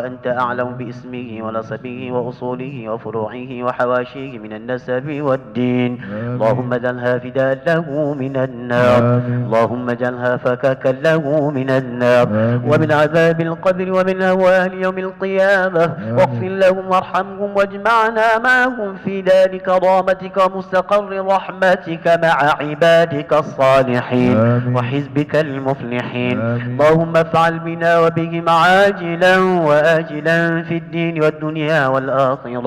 وأنت أعلم باسمه ونصبه وأصوله وفروعه وحواشيه من النسب والدين اللهم اجعلها فداء له من النار اللهم اجعلها فكاكا له من النار ومن عذاب القبر ومن أهوال يوم القيامة واغفر لهم وارحمهم واجمعنا معهم في دار كرامتك ومستقر رحمتك مع عبادك الصالحين آمين. وحزبك المفلحين اللهم افعل بنا وبهم عاجلا وآجلا في الدين والدنيا والآخرة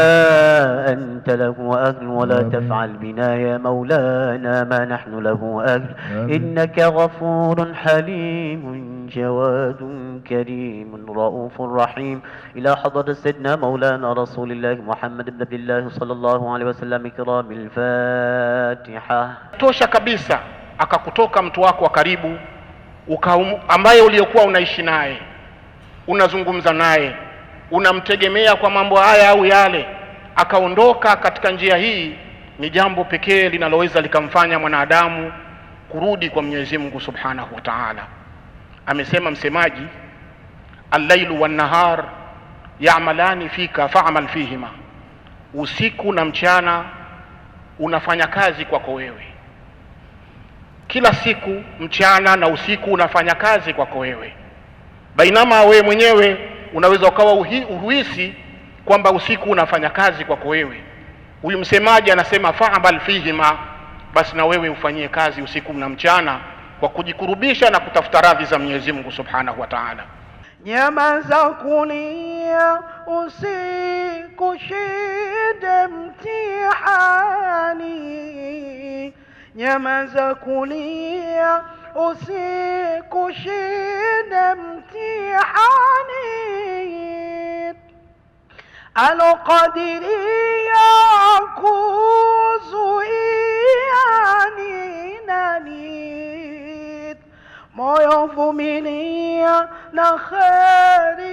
ما أنت له أهل ولا تفعل قلبنا يا مولانا ما نحن له أهل إنك غفور حليم جواد كريم رؤوف رحيم إلى حضرة سيدنا مولانا رسول الله محمد بن عبد الله صلى الله عليه وسلم كرام الفاتحة توشا kabisa akakutoka mtu wako wa karibu ukaum, ambaye uliokuwa unaishi naye unazungumza naye unamtegemea kwa mambo haya au yale akaondoka katika njia hii ni jambo pekee linaloweza likamfanya mwanadamu kurudi kwa Mwenyezi Mungu Subhanahu wa Ta'ala. Amesema msemaji, allailu nahar yamalani fika fa'mal fihima, usiku na mchana unafanya kazi kwako wewe. Kila siku mchana na usiku unafanya kazi kwako wewe, bainama wewe mwenyewe unaweza ukawa uhuisi kwamba usiku unafanya kazi kwako wewe Huyu msemaji anasema fa'bal fihima, basi na wewe ufanyie kazi usiku na mchana kwa kujikurubisha na kutafuta radhi za Mwenyezi Mungu Subhanahu wa Ta'ala. Nyama za kulia usikushinde mtihani, nyama za kulia usikushinde mtihani alqadiri kuzuiana nini moyo mvumilia na kheri